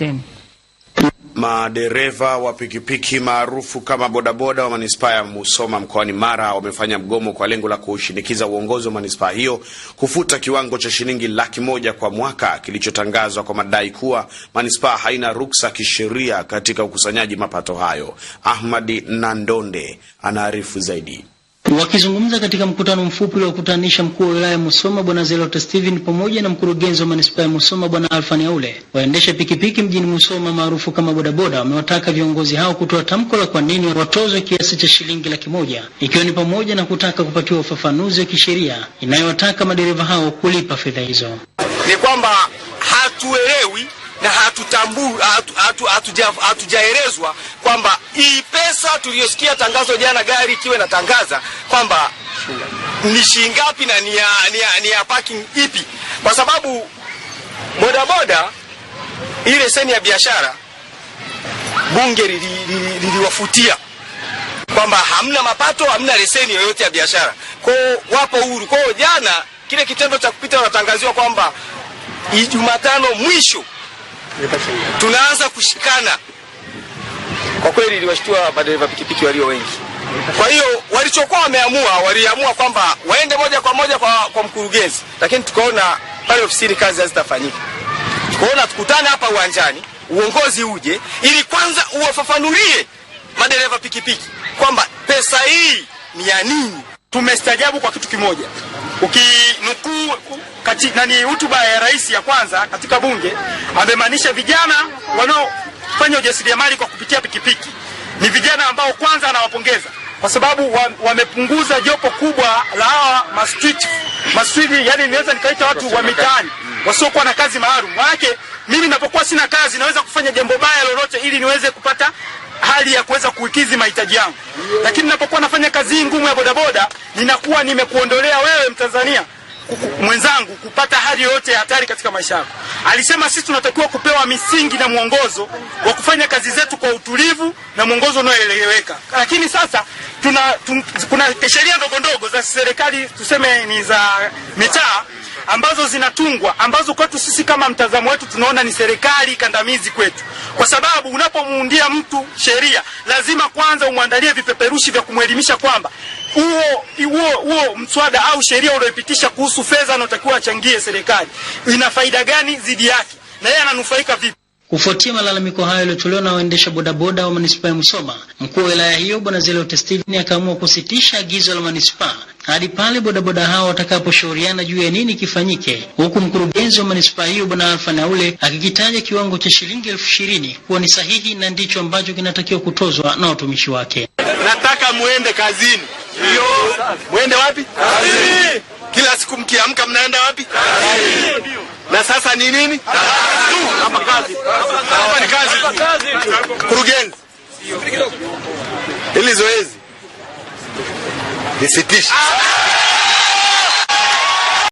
Kapteni. Madereva wa pikipiki maarufu kama bodaboda wa manispaa ya Musoma mkoani Mara wamefanya mgomo kwa lengo la kushinikiza uongozi wa manispaa hiyo kufuta kiwango cha shilingi laki moja kwa mwaka kilichotangazwa kwa madai kuwa manispaa haina ruksa kisheria katika ukusanyaji mapato hayo. Ahmadi Nandonde anaarifu zaidi. Wakizungumza katika mkutano mfupi kutanisha mkuu wa wilaya ya Musoma bwana Zelota Steven pamoja na mkurugenzi wa manispaa ya Musoma bwana Alfani Aule, waendesha pikipiki mjini Musoma maarufu kama bodaboda wamewataka viongozi hao kutoa tamko la kwa nini watozwe kiasi cha shilingi laki moja ikiwa ni pamoja na kutaka kupatiwa ufafanuzi wa kisheria inayowataka madereva hao kulipa fedha hizo. Ni kwamba hatuelewi na hatutambui hatujaelezwa hatu, kwamba hii pesa tuliyosikia tangazo jana gari ikiwa inatangaza kwamba ni shingapi na ni ya, ni ya, ni ya parking ipi, kwa sababu bodaboda hii leseni ya biashara bunge liliwafutia li, li, li kwamba hamna mapato, hamna leseni yoyote ya biashara, kwao wapo huru. Kwao jana kile kitendo cha kupita wanatangaziwa kwamba Ijumatano mwisho tunaanza kushikana. Kwa kweli iliwashtua madereva pikipiki walio wengi. Kwa hiyo walichokuwa wameamua, waliamua kwamba waende moja kwa moja kwa, kwa mkurugenzi, lakini tukaona pale ofisini kazi hazitafanyika. Tukaona tukutane hapa uwanjani, uongozi uje ili kwanza uwafafanulie madereva pikipiki kwamba pesa hii ni ya nini. Tumestajabu kwa kitu kimoja. Ukinukuu kati nani hotuba ya rais ya kwanza katika bunge amemaanisha vijana wanaofanya ujasiriamali kwa kupitia pikipiki ni vijana ambao kwanza anawapongeza kwa sababu wamepunguza wa jopo kubwa la hawa mastreet mastreet, yani niweza nikaita watu wa mitaani wasiokuwa na kazi maalum. Maanake mimi ninapokuwa sina kazi naweza kufanya jambo baya lolote ili niweze kupata hali ya kuweza kuikizi mahitaji yangu, lakini ninapokuwa nafanya kazi hii ngumu ya bodaboda ninakuwa nimekuondolea wewe Mtanzania mwenzangu kupata hali yoyote ya hatari katika maisha yako. Alisema sisi tunatakiwa kupewa misingi na mwongozo wa kufanya kazi zetu kwa utulivu na mwongozo unaoeleweka. Lakini sasa tuna, tun, kuna sheria ndogo ndogo za serikali tuseme ni za mitaa ambazo zinatungwa ambazo kwetu sisi kama mtazamo wetu tunaona ni serikali kandamizi kwetu, kwa sababu unapomuundia mtu sheria lazima kwanza umwandalie vipeperushi vya kumwelimisha kwamba huo huo huo mswada au sheria ulioipitisha kuhusu fedha anaotakiwa achangie serikali ina faida gani dhidi yake na yeye ananufaika vipi. Kufuatia malalamiko hayo yaliyotolewa na waendesha bodaboda wa manispaa ya Musoma, mkuu wa wilaya hiyo Bwana Zelota Steven akaamua kusitisha agizo la manispaa hadi pale bodaboda hao watakaposhauriana juu ya nini kifanyike, huku mkurugenzi wa manispaa hiyo Bwana Alfa Naule akikitaja kiwango cha shilingi elfu ishirini kuwa ni sahihi na ndicho ambacho kinatakiwa kutozwa na watumishi wake. Nataka muende kazini. Ndio. Muende wapi? Kazini. Kila siku mkiamka mnaenda wapi? Kazini. Na sasa ni nini? Kazini. Hapa ni Mkurugenzi, hili zoezi lisitishe.